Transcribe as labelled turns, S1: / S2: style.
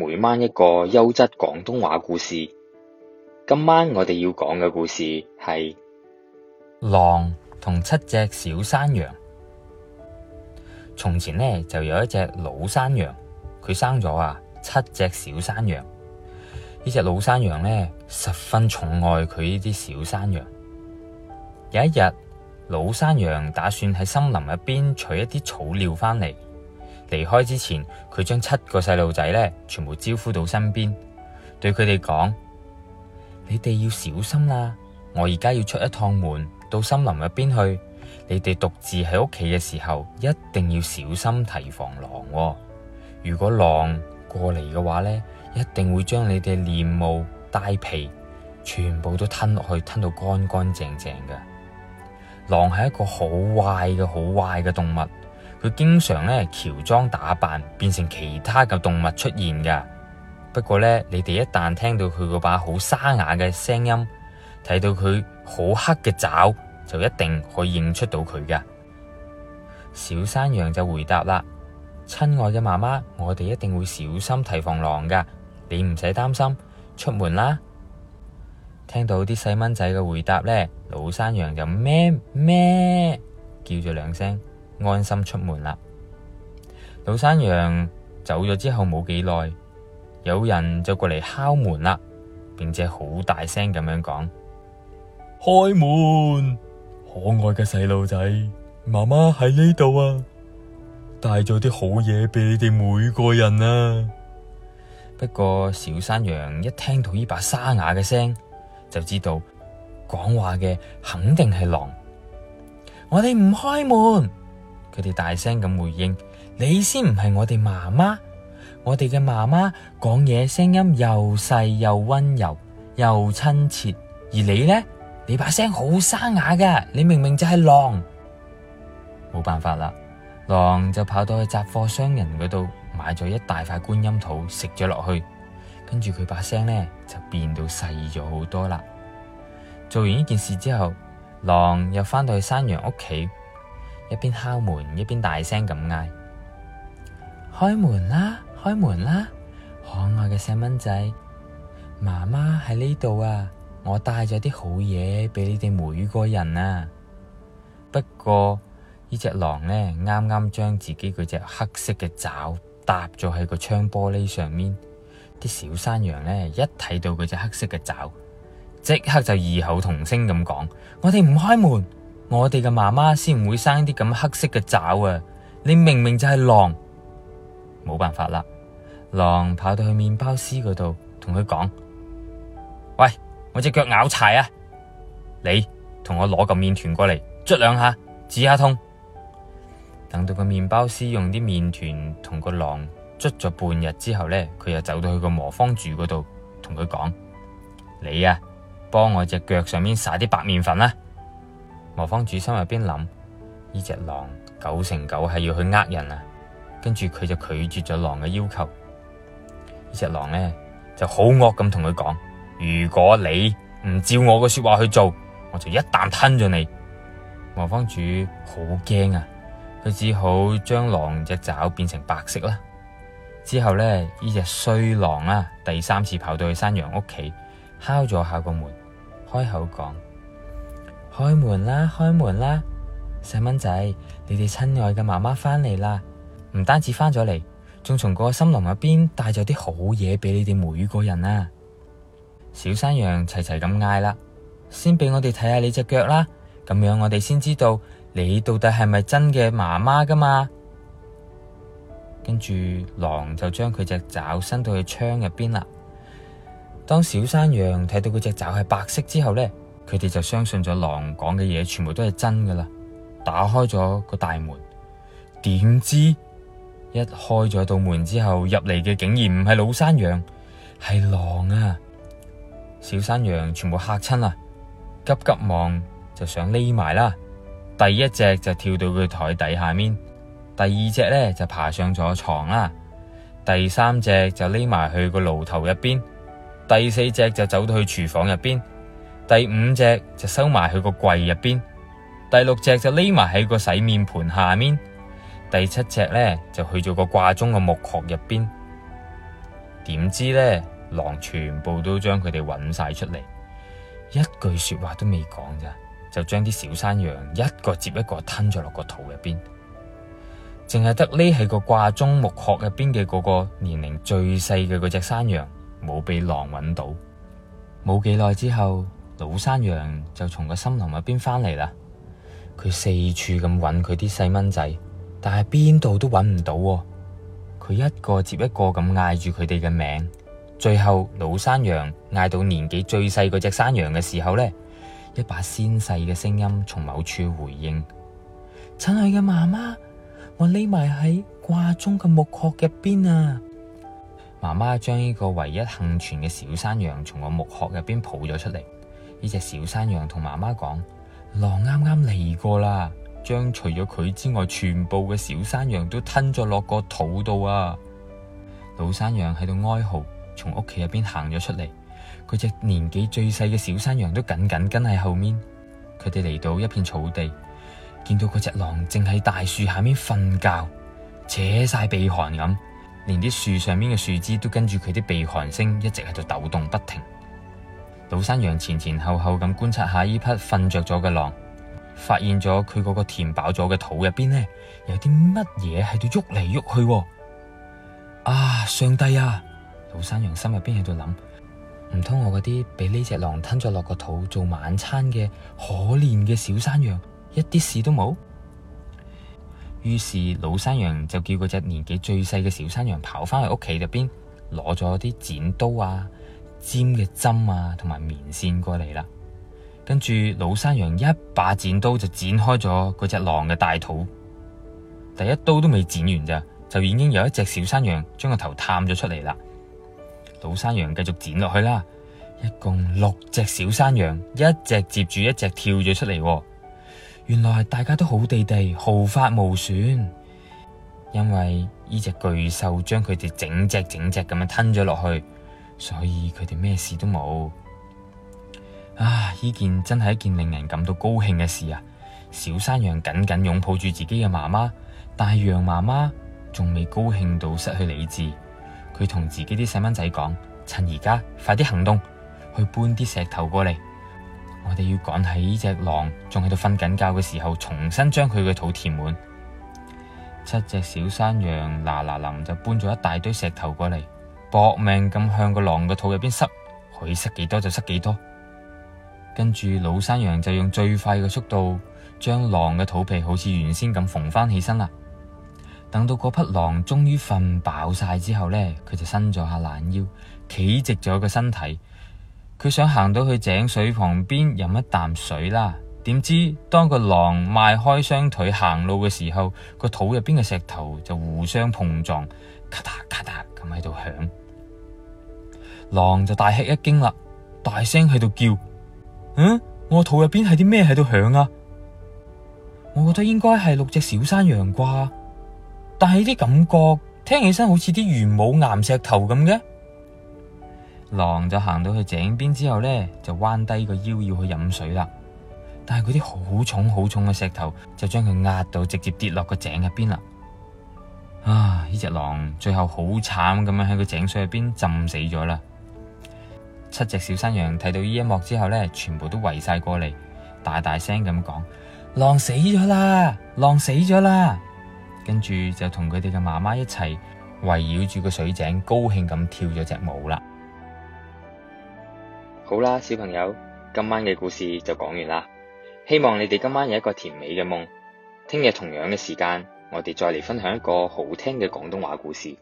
S1: 每晚一個優質廣東話故事，今晚我哋要講嘅故事係狼同七隻小山羊。從前呢，就有一隻老山羊，佢生咗啊七隻小山羊。呢隻老山羊呢，十分寵愛佢呢啲小山羊。有一日，老山羊打算喺森林入邊取一啲草料返嚟。離開之前，佢將七個細路仔咧全部招呼到身邊，對佢哋講：你哋要小心啦！我而家要出一趟門到森林入邊去，你哋獨自喺屋企嘅時候，一定要小心提防狼喎。如果狼過嚟嘅話咧，一定會將你哋連毛帶皮全部都吞落去，吞到乾乾淨淨嘅。狼係一個好壞嘅好壞嘅動物。佢經常呢喬裝打扮，變成其他嘅動物出現噶。不過呢，你哋一旦聽到佢嗰把好沙啞嘅聲音，睇到佢好黑嘅爪，就一定可以認出到佢噶。小山羊就回答啦：親愛嘅媽媽，我哋一定會小心提防狼噶，你唔使擔心。出門啦！聽到啲細蚊仔嘅回答呢，老山羊就咩咩，咩叫咗兩聲。安心出門啦。老山羊走咗之後冇幾耐，有人就過嚟敲門啦，並且好大聲咁樣講：開門，可愛嘅細路仔，媽媽喺呢度啊！帶咗啲好嘢畀你哋每個人啊。不過小山羊一聽到呢把沙啞嘅聲，就知道講話嘅肯定係狼。我哋唔開門。佢哋大聲咁回應，你先唔係我哋媽媽，我哋嘅媽媽講嘢聲音又細又溫柔又親切，而你呢？你把聲好沙啞嘅，你明明就係狼。冇辦法啦，狼就跑到去雜貨商人嗰度買咗一大塊觀音土食咗落去，跟住佢把聲呢，就變到細咗好多啦。做完呢件事之後，狼又翻到去山羊屋企。一邊敲門，一邊大聲咁嗌：開門啦，開門啦！可愛嘅細蚊仔，媽媽喺呢度啊！我帶咗啲好嘢畀你哋每個人啊！不過呢隻狼咧，啱啱將自己嗰隻黑色嘅爪搭咗喺個窗玻璃上面，啲小山羊咧一睇到嗰隻黑色嘅爪，即刻就異口同聲咁講：我哋唔開門！我哋嘅媽媽先唔會生啲咁黑色嘅爪啊！你明明就係狼，冇辦法啦！狼跑到去麵包師嗰度，同佢講：喂，我隻腳拗柴啊！你同我攞嚿麵團過嚟，捽兩下，止下痛。等到個麵包師用啲麵團同個狼捽咗半日之後咧，佢又走到去個磨坊主嗰度，同佢講：你啊，幫我隻腳上面撒啲白麵粉啦啊！磨坊主心入邊諗：呢隻狼九成九係要去呃人啊。跟住佢就拒絕咗狼嘅要求。呢隻狼呢就好惡咁同佢講：如果你唔照我嘅說話去做，我就一啖吞咗你。磨坊主好驚啊，佢只好將狼隻爪變成白色啦。之後呢，呢隻衰狼啊第三次跑到去山羊屋企敲咗下個門，開口講。開門啦，開門啦！細蚊仔，你哋親愛嘅媽媽返嚟啦！唔單止返咗嚟，仲從嗰個森林入邊帶咗啲好嘢畀你哋每個人啊！小山羊齊齊咁嗌啦，先畀我哋睇下你隻腳啦，咁樣我哋先知道你到底係咪真嘅媽媽噶嘛？跟住狼就將佢隻爪伸到去窗入邊啦。當小山羊睇到佢隻爪係白色之後咧。佢哋就相信咗狼講嘅嘢，全部都係真噶啦。打開咗個大門，點知一開咗道門之後，入嚟嘅竟然唔係老山羊，係狼啊！小山羊全部吓親啦，急急忙就想匿埋啦。第一隻就跳到個台底下面，第二隻咧就爬上咗床啦，第三隻就匿埋去個爐頭入邊，第四隻就走到去廚房入邊。第五隻就收埋去個櫃入邊，第六隻就匿埋喺個洗面盆下面，第七隻咧就去咗個掛鐘嘅木殼入邊。點知咧，狼全部都將佢哋搵晒出嚟，一句說話都未講咋，就將啲小山羊一個接一個吞咗落個肚入邊。淨係得匿喺個掛鐘木殼入邊嘅個個年齡最細嘅嗰隻山羊冇俾狼搵到。冇幾耐之後。老山羊就從個森林入邊返嚟啦，佢四處咁揾佢啲細蚊仔，但係邊度都揾唔到啊。佢一個接一個咁嗌住佢哋嘅名，最後老山羊嗌到年紀最細嗰隻山羊嘅時候呢，一把纖細嘅聲音從某處回應：親愛嘅媽媽，我匿埋喺掛鐘嘅木殼入邊啊！媽媽將呢個唯一幸存嘅小山羊從個木殼入邊抱咗出嚟。呢隻小山羊同媽媽講：狼啱啱嚟過啦，將除咗佢之外，全部嘅小山羊都吞咗落個肚度啊！老山羊喺度哀嚎，從屋企入邊行咗出嚟，佢隻年紀最細嘅小山羊都緊緊跟喺後面。佢哋嚟到一片草地，見到嗰隻狼正喺大樹下面瞓覺，扯晒鼻鼾咁，連啲樹上面嘅樹枝都跟住佢啲鼻鼾聲一直喺度抖動不停。老山羊前前後後咁觀察下呢匹瞓着咗嘅狼，發現咗佢嗰個填飽咗嘅肚入邊呢，有啲乜嘢喺度喐嚟喐去啊。啊！上帝啊！老山羊心入邊喺度諗，唔通我嗰啲俾呢隻狼吞咗落個肚做晚餐嘅可憐嘅小山羊，一啲事都冇。於是老山羊就叫嗰隻年紀最細嘅小山羊跑翻去屋企入邊，攞咗啲剪刀啊。尖嘅針啊，同埋棉線過嚟啦，跟住老山羊一把剪刀就剪開咗嗰隻狼嘅大肚，第一刀都未剪完咋，就已經有一隻小山羊將個頭探咗出嚟啦。老山羊繼續剪落去啦，一共六隻小山羊，一隻接住一隻跳咗出嚟。原來大家都好地地，毫髮無損，因為呢隻巨獸將佢哋整隻整隻咁樣吞咗落去。所以佢哋咩事都冇。啊！呢件真係一件令人感到高興嘅事啊！小山羊緊緊擁抱住自己嘅媽媽，但係羊媽媽仲未高興到失去理智。佢同自己啲細蚊仔講：趁而家，快啲行動，去搬啲石頭過嚟。我哋要趕喺呢隻狼仲喺度瞓緊覺嘅時候，重新將佢嘅肚填滿。七隻小山羊嗱嗱臨就搬咗一大堆石頭過嚟。搏命咁向個狼嘅肚入邊塞，可以塞幾多就塞幾多。跟住，老山羊就用最快嘅速度，將狼嘅肚皮好似原先咁縫翻起身啦。等到嗰匹狼終於瞓飽晒之後呢，佢就伸咗下懶腰，企直咗個身體。佢想行到去井水旁邊飲一啖水啦。點知當個狼邁開雙腿行路嘅時候，個肚入邊嘅石頭就互相碰撞。咔嗒咔嗒咁喺度響，狼就大吃一驚啦，大聲喺度叫：嗯，我肚入邊係啲咩喺度響啊？我覺得應該係六隻小山羊啩，但係啲感覺聽起身好似啲玄武岩石頭咁嘅。狼就行到去井邊之後咧，就彎低個腰要去飲水啦，但係嗰啲好重好重嘅石頭就將佢壓到直接跌落個井入邊啦。啊！呢隻狼最後好慘咁樣喺個井水入邊浸死咗啦。七隻小山羊睇到呢一幕之後呢，全部都圍晒過嚟，大大聲咁講：狼死咗啦，狼死咗啦！跟住就同佢哋嘅媽媽一齊圍繞住個水井，高興咁跳咗隻舞啦。好啦，小朋友，今晚嘅故事就講完啦。希望你哋今晚有一個甜美嘅夢，聽日同樣嘅時間。我哋再嚟分享一個好聽嘅廣東話故事。